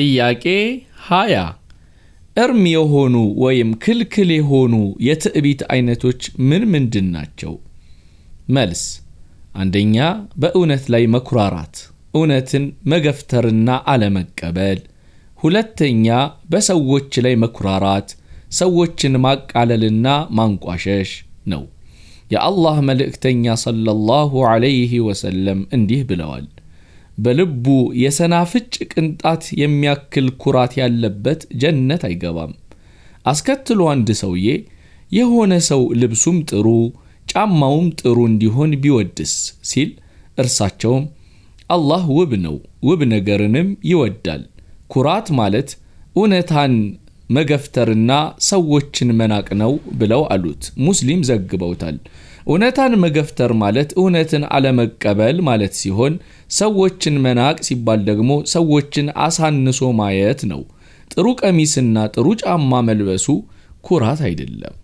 ጥያቄ 20 እርም የሆኑ ወይም ክልክል የሆኑ የትዕቢት አይነቶች ምን ምንድን ናቸው? መልስ፣ አንደኛ በእውነት ላይ መኩራራት፣ እውነትን መገፍተርና አለመቀበል። ሁለተኛ በሰዎች ላይ መኩራራት፣ ሰዎችን ማቃለልና ማንቋሸሽ ነው። የአላህ መልእክተኛ ሰለላሁ ዐለይሂ ወሰለም እንዲህ ብለዋል በልቡ የሰናፍጭ ቅንጣት የሚያክል ኩራት ያለበት ጀነት አይገባም። አስከትሎ አንድ ሰውዬ የሆነ ሰው ልብሱም ጥሩ ጫማውም ጥሩ እንዲሆን ቢወድስ ሲል እርሳቸውም አላህ ውብ ነው፣ ውብ ነገርንም ይወዳል። ኩራት ማለት እውነታን መገፍተርና ሰዎችን መናቅ ነው ብለው አሉት። ሙስሊም ዘግበውታል። እውነታን መገፍተር ማለት እውነትን አለመቀበል ማለት ሲሆን ሰዎችን መናቅ ሲባል ደግሞ ሰዎችን አሳንሶ ማየት ነው። ጥሩ ቀሚስና ጥሩ ጫማ መልበሱ ኩራት አይደለም።